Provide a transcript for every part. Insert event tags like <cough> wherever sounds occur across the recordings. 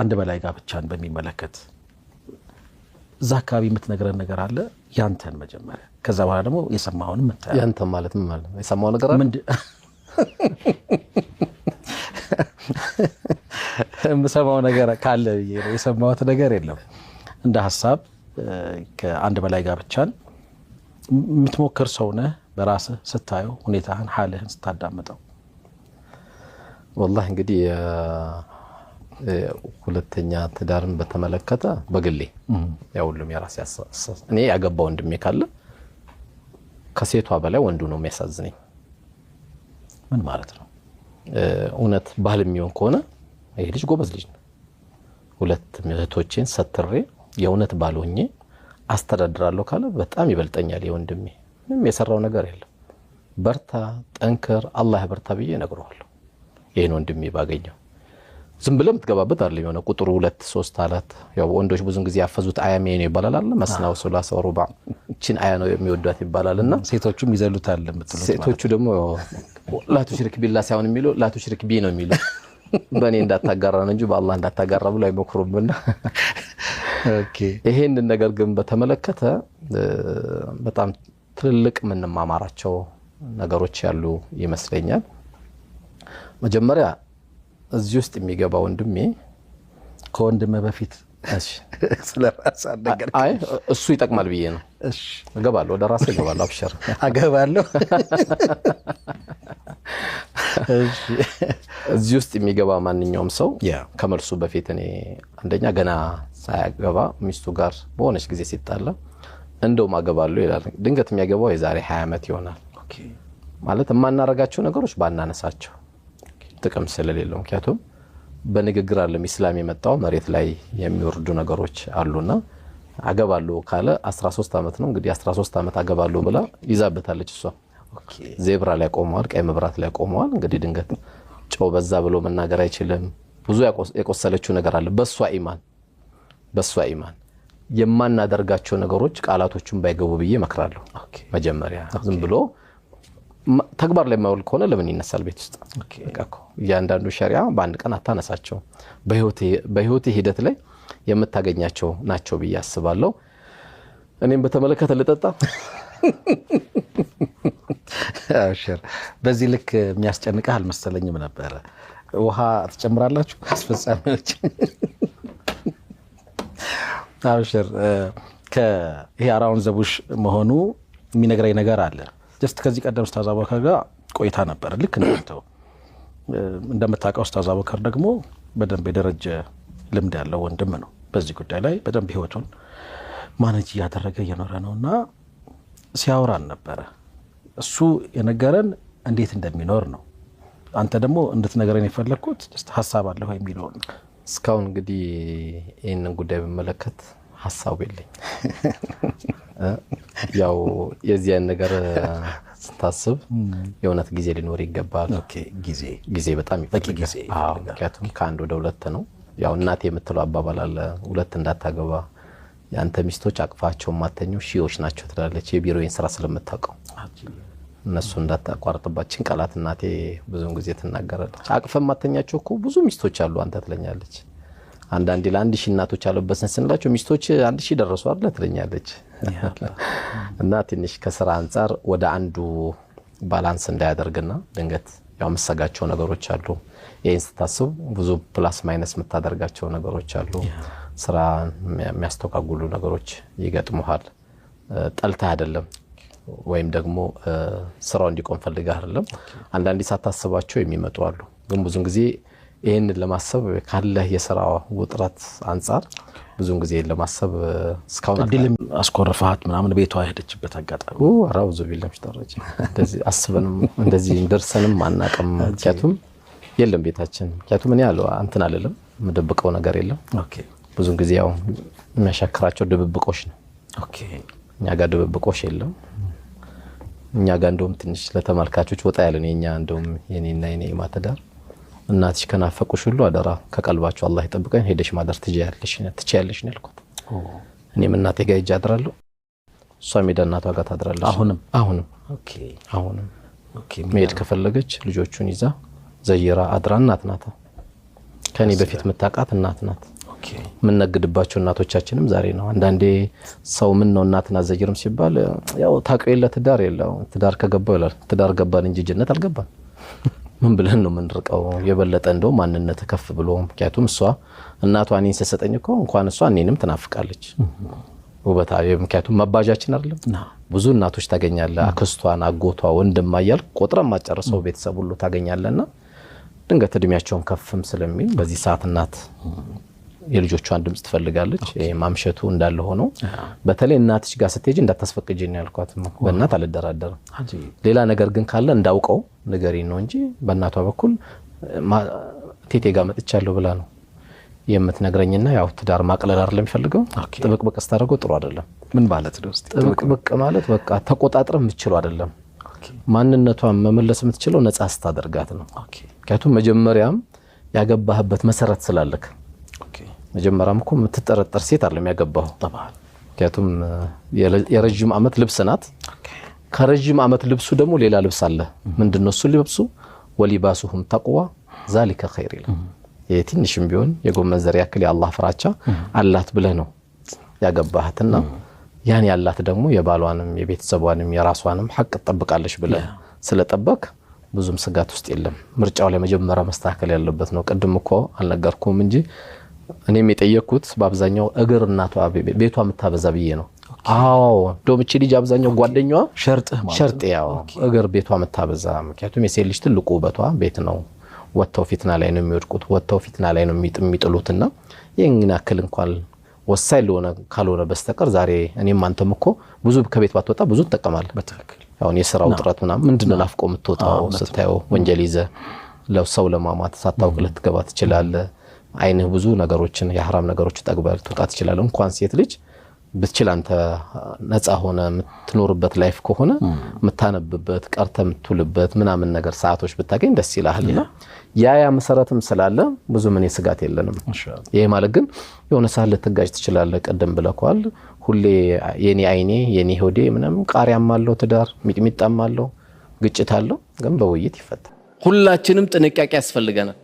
አንድ በላይ ጋብቻን በሚመለከት እዛ አካባቢ የምትነግረን ነገር አለ ያንተን መጀመሪያ፣ ከዛ በኋላ ደግሞ የሰማውን ምታያንተ ማለት ማለት የሰማው ነገር አለ <laughs> የምሰማው ነገር ካለ የሰማሁት ነገር የለም። እንደ ሀሳብ ከአንድ በላይ ጋብቻን የምትሞክር ሰው ነህ በራስህ ስታየው ሁኔታህን፣ ሀልህን ስታዳምጠው ወላሂ እንግዲህ ሁለተኛ ትዳርን በተመለከተ በግሌ ሁሉም የራስ እኔ ያገባ ወንድሜ ካለ ከሴቷ በላይ ወንዱ ነው የሚያሳዝነኝ። ምን ማለት ነው? እውነት ባህል የሚሆን ከሆነ ይሄ ልጅ ጎበዝ ልጅ ነው። ሁለት እህቶቼን ሰትሬ የእውነት ባል ሆኜ አስተዳድራለሁ ካለ በጣም ይበልጠኛል። የወንድሜ ምንም የሰራው ነገር የለም። በርታ፣ ጠንክር፣ አላህ በርታ ብዬ ነግረዋለሁ። ይህን ወንድሜ ባገኘው ዝም ብለ የምትገባበት አለ የሆነ ቁጥሩ ሁለት ሶስት አላት። ያው ወንዶች ብዙን ጊዜ ያፈዙት አያ ሜኑ ነው ይባላል አለ መስናው ሱላሳ ሩባ እችን አያ ነው የሚወዷት ይባላል። እና ሴቶቹም ይዘሉታል የምትሉት ሴቶቹ ደግሞ ላቱሽሪክ ቢላ ሳይሆን የሚለው ላቱሽሪክ ቢ ነው የሚለው በእኔ እንዳታጋራ ነው እንጂ በአላህ እንዳታጋራ ብሎ አይሞክሩምና እና ይሄንን ነገር ግን በተመለከተ በጣም ትልልቅ የምንማማራቸው ነገሮች ያሉ ይመስለኛል መጀመሪያ እዚህ ውስጥ የሚገባ ወንድሜ ከወንድሜ በፊት <laughs> እሱ ይጠቅማል ብዬ ነው። እገባለሁ፣ ወደ ራሴ እገባለሁ። አብሽር <laughs> አገባለሁ። <laughs> እዚህ ውስጥ የሚገባ ማንኛውም ሰው ከመልሱ በፊት እኔ አንደኛ ገና ሳያገባ ሚስቱ ጋር በሆነች ጊዜ ሲጣላ እንደውም አገባለሁ ይላል። ድንገት የሚያገባው የዛሬ ሀያ ዓመት ይሆናል። ማለት የማናረጋቸው ነገሮች ባናነሳቸው ጥቅም ስለሌለው ምክንያቱም በንግግር አለም ኢስላም የመጣው መሬት ላይ የሚወርዱ ነገሮች አሉና አገባለሁ ካለ 13 ዓመት ነው እንግዲህ 13 ዓመት አገባለሁ ብላ ይዛበታለች። እሷ ዜብራ ላይ ቆመዋል፣ ቀይ መብራት ላይ ቆመዋል። እንግዲህ ድንገት ጨው በዛ ብሎ መናገር አይችልም። ብዙ የቆሰለችው ነገር አለ። በእሷ ኢማን በእሷ ኢማን የማናደርጋቸው ነገሮች ቃላቶቹን ባይገቡ ብዬ መክራለሁ። መጀመሪያ ዝም ብሎ ተግባር ላይ የማውል ከሆነ ለምን ይነሳል ቤት ውስጥ? እያንዳንዱ ሸሪያ በአንድ ቀን አታነሳቸው በህይወት ሂደት ላይ የምታገኛቸው ናቸው ብዬ አስባለሁ። እኔም በተመለከተ ልጠጣ አብሽር። በዚህ ልክ የሚያስጨንቀ አልመሰለኝም ነበረ። ውሃ ትጨምራላችሁ አስፈጻሚዎች? አብሽር። ይሄ አራውን ዘቡሽ መሆኑ የሚነግረኝ ነገር አለ ጀስት ከዚህ ቀደም ስታዛ አቡበከር ጋር ቆይታ ነበር። ልክ እንደምተው እንደምታውቀው ስታዝ አቡበከር ደግሞ በደንብ የደረጀ ልምድ ያለው ወንድም ነው። በዚህ ጉዳይ ላይ በደንብ ህይወቱን ማነጅ እያደረገ እየኖረ ነው እና ሲያወራን ነበረ። እሱ የነገረን እንዴት እንደሚኖር ነው። አንተ ደግሞ እንድትነገረን የፈለግኩት ሀሳብ አለሁ የሚለውን እስካሁን እንግዲህ ይህንን ጉዳይ ብመለከት ሀሳቡ የለኝ። ያው የዚያን ነገር ስታስብ የእውነት ጊዜ ሊኖር ይገባል። ጊዜ በጣም ምክንያቱም ከአንድ ወደ ሁለት ነው። ያው እናቴ የምትለው አባባል አለ፣ ሁለት እንዳታገባ የአንተ ሚስቶች አቅፋቸው ማተኘው ሺዎች ናቸው ትላለች። የቢሮዬን ስራ ስለምታውቀው እነሱ እንዳታቋርጥባችን ቃላት እናቴ ብዙን ጊዜ ትናገራለች። አቅፈ ማተኛቸው እኮ ብዙ ሚስቶች አሉ አንተ ትለኛለች። አንዳንዴ ለአንድ ሺህ እናቶች አለበስን ስንላቸው ሚስቶች አንድ ሺህ ደረሱ አለ ትለኛለች። እና ትንሽ ከስራ አንጻር ወደ አንዱ ባላንስ እንዳያደርግና ድንገት ያው የምሰጋቸው ነገሮች አሉ። ይህን ስታስቡ ብዙ ፕላስ ማይነስ የምታደርጋቸው ነገሮች አሉ። ስራ የሚያስተጓጉሉ ነገሮች ይገጥመሃል። ጠልተህ አይደለም ወይም ደግሞ ስራው እንዲቆም ፈልገህ አይደለም። አንዳንዴ ሳታስባቸው የሚመጡ አሉ። ግን ብዙን ጊዜ ይህንን ለማሰብ ካለህ የስራ ውጥረት አንጻር ብዙን ጊዜ ለማሰብ እስካሁን እድልም አስኮርፋት ምናምን ቤቷ ሄደችበት አጋጣሚ ኧረ ብዙ ቢለምሽ ጠረች አስበንም እንደዚህ ደርሰንም አናውቅም። ምክንያቱም የለም ቤታችን ምክንያቱም እኔ ያለ እንትን አልልም የምደብቀው ነገር የለም። ብዙን ጊዜ ያው የሚያሻክራቸው ድብብቆች ነው። እኛ ጋር ድብብቆች የለም። እኛ ጋር እንደውም ትንሽ ለተመልካቾች ወጣ ያለን የኛ እንደውም የኔና የኔ ማተዳር እናትሽ ከናፈቁሽ ሁሉ አደራ ከቀልባቸው አላህ ይጠብቀኝ፣ ሄደሽ ማደር ትችያለሽ ነው ያልኳት። እኔም እናቴ ጋር ሂጅ አድራለሁ፣ እሷም ሄዳ እናቷ ጋር ታድራለች። አሁንም አሁንም አሁንም መሄድ ከፈለገች ልጆቹን ይዛ ዘይራ አድራ። እናት ናት፣ ከእኔ በፊት የምታውቃት እናት ናት። የምነግድባቸው እናቶቻችንም ዛሬ ነው። አንዳንዴ ሰው ምን ነው እናትና ዘይርም ሲባል ያው ታውቀው የለ ትዳር የለው ትዳር ከገባው ይላል። ትዳር ገባን እንጂ ጀነት አልገባን ምን ብለን ነው የምንርቀው? የበለጠ እንደው ማንነት ከፍ ብሎ ምክንያቱም እሷ እናቷ እኔን ስትሰጠኝ እኮ እንኳን እሷ እኔንም ትናፍቃለች ውበታ ምክንያቱም መባዣችን አይደለም። ብዙ እናቶች ታገኛለ፣ አክስቷን፣ አጎቷ፣ ወንድማ እያል ቆጥረ ማጨረሰው ቤተሰብ ሁሉ ታገኛለና ድንገት እድሜያቸውን ከፍም ስለሚል በዚህ ሰዓት እናት የልጆቿን ድምፅ ትፈልጋለች። ማምሸቱ እንዳለ ሆነው በተለይ እናትሽ ጋር ስትሄጂ እንዳታስፈቅጂ ነው ያልኳት። በእናት አልደራደርም። ሌላ ነገር ግን ካለ እንዳውቀው ነገሬ ነው እንጂ በእናቷ በኩል ቴቴ ጋር መጥቻለሁ ብላ ነው የምትነግረኝና ያው ትዳር ማቅለል አይደለም የሚፈልገው። ጥብቅብቅ ስታደርገው ጥሩ አይደለም። ምን ማለት ነው? ጥብቅብቅ ማለት በቃ ተቆጣጥረ የምትችለው አይደለም። ማንነቷን መመለስ የምትችለው ነጻ ስታደርጋት ነው። ምክንያቱም መጀመሪያም ያገባህበት መሰረት ስላለክ መጀመሪያም እኮ የምትጠረጠር ሴት አለ የሚያገባው። ምክንያቱም የረዥም ዓመት ልብስ ናት። ከረዥም ዓመት ልብሱ ደግሞ ሌላ ልብስ አለ። ምንድነው እሱ ልብሱ? ወሊባሱሁም ተቅዋ ዛሊከ ኸይር ይላል። ትንሽም ቢሆን የጎመን ዘር ያክል የአላህ ፍራቻ አላት ብለህ ነው ያገባህትና ያን ያላት ደግሞ የባሏንም የቤተሰቧንም የራሷንም ሀቅ ትጠብቃለች ብለህ ስለጠበቅ ብዙም ስጋት ውስጥ የለም። ምርጫው ላይ መጀመሪያ መስተካከል ያለበት ነው። ቅድም እኮ አልነገርኩም እንጂ እኔም የጠየቅኩት በአብዛኛው እግር እናቷ ቤቷ የምታበዛ ብዬ ነው። አዎ ልጅ አብዛኛው ጓደኛዋ ሸርጥ ያው እግር ቤቷ የምታበዛ ምክንያቱም የሴት ልጅ ትልቁ ውበቷ ቤት ነው። ወጥተው ፊትና ላይ ነው የሚወድቁት፣ ወጥተው ፊትና ላይ ነው የሚጥሉትና ይህን ያክል እንኳን ወሳኝ ለሆነ ካልሆነ በስተቀር ዛሬ እኔም አንተም እኮ ብዙ ከቤት ባትወጣ ብዙ ትጠቀማለህ። በትክክል አሁን የስራ ውጥረት ምናምን ምንድን ነው ናፍቆ የምትወጣው ስታየው ወንጀል ይዘህ ለሰው ለማማት ሳታውቅ ልትገባ ትችላለህ። አይንህ ብዙ ነገሮችን የሐራም ነገሮች ጠግበህ ትወጣ ይችላል። እንኳን ሴት ልጅ ብትችል አንተ ነፃ ሆነ የምትኖርበት ላይፍ ከሆነ የምታነብበት ቀርተ የምትውልበት ምናምን ነገር ሰዓቶች ብታገኝ ደስ ይልሃልና ያ ያ መሰረትም ስላለ ብዙ ምን ስጋት የለንም። ይሄ ማለት ግን የሆነ ሰዓት ልትጋጭ ትችላለህ። ቅድም ብለኳል። ሁሌ የኔ አይኔ የኔ ሆዴ ምናምን ቃሪያም አለው ትዳር ሚጥሚጣም አለው ግጭት አለው፣ ግን በውይይት ይፈታል። ሁላችንም ጥንቃቄ ያስፈልገናል።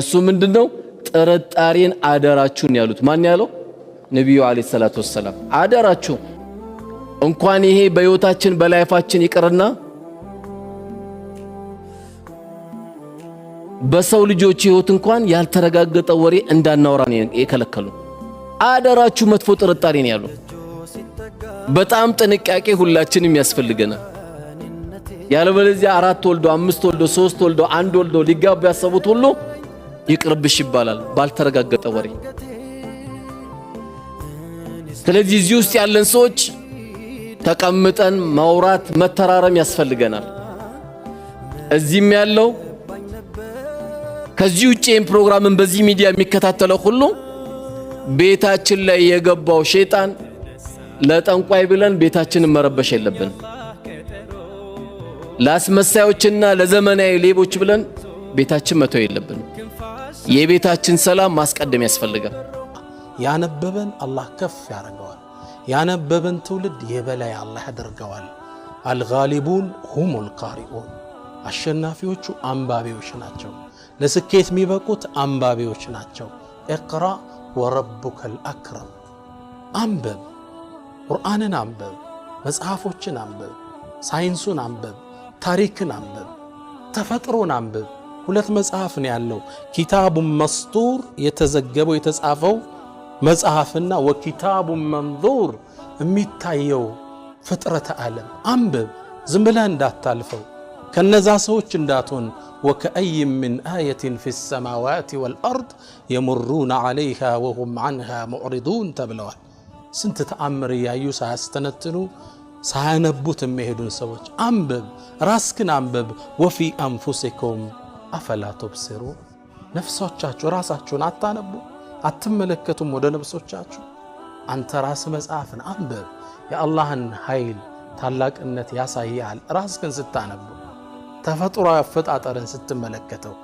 እሱ ምንድነው? ጥርጣሬን አደራችሁን ያሉት ማን ያለው? ነቢዩ አለይሂ ሰላቱ ወሰላም አደራችሁ። እንኳን ይሄ በህይወታችን በላይፋችን ይቅርና በሰው ልጆች ህይወት እንኳን ያልተረጋገጠ ወሬ እንዳናወራ የከለከሉ አደራችሁ። መጥፎ ጥርጣሬን ያሉ በጣም ጥንቃቄ ሁላችንም ያስፈልገናል። ያለበለዚያ አራት ወልዶ አምስት ወልዶ ሶስት ወልዶ አንድ ወልዶ ሊጋቡ ያሰቡት ሁሉ ይቅርብሽ ይባላል ባልተረጋገጠ ወሬ። ስለዚህ እዚህ ውስጥ ያለን ሰዎች ተቀምጠን ማውራት መተራረም ያስፈልገናል። እዚህም ያለው ከዚህ ውጭ ይህን ፕሮግራምን በዚህ ሚዲያ የሚከታተለው ሁሉ ቤታችን ላይ የገባው ሸይጣን ለጠንቋይ ብለን ቤታችንን መረበሽ የለብን። ለአስመሳዮችና ለዘመናዊ ሌቦች ብለን ቤታችን መተው የለብን። የቤታችን ሰላም ማስቀደም ያስፈልጋል። ያነበበን አላህ ከፍ ያደርገዋል። ያነበበን ትውልድ የበላይ አላህ ያደርገዋል። አልጋሊቡን ሁሙል ቃሪኡን አሸናፊዎቹ አንባቢዎች ናቸው። ለስኬት የሚበቁት አንባቢዎች ናቸው። እቅራ ወረቡከል አክረም አንበብ፣ ቁርአንን አንበብ፣ መጽሐፎችን አንበብ፣ ሳይንሱን አንበብ፣ ታሪክን አንበብ፣ ተፈጥሮን አንበብ። ሁለት መጽሐፍ ነው ያለው። ኪታቡን መስጡር የተዘገበው የተጻፈው መጽሐፍና ወኪታቡን መንዙር የሚታየው ፍጥረተ ዓለም አንብብ፣ ዝም ብለህ እንዳታልፈው፣ ከነዛ ሰዎች እንዳትሆን። ወከአይ ምን አየትን ፊ ሰማዋት ወልአርድ የሙሩነ ዓለይሃ ወሁም አንሃ ሙዕሪዱን ተብለዋል። ስንት ተአምር እያዩ ሳያስተነትኑ ሳያነቡት የሚሄዱን ሰዎች አንብብ፣ ራስክን አንብብ። ወፊ አንፉሲኩም አፈላ ቶብሲሩ ነፍሶቻችሁ ራሳችሁን አታነቡ አትመለከቱም? ወደ ነፍሶቻችሁ አንተ ራስ መጽሐፍን አንብብ። የአላህን ኃይል ታላቅነት ያሳያል። ራስ ግን ስታነቡ ተፈጥሮ አፈጣጠርን ስትመለከተው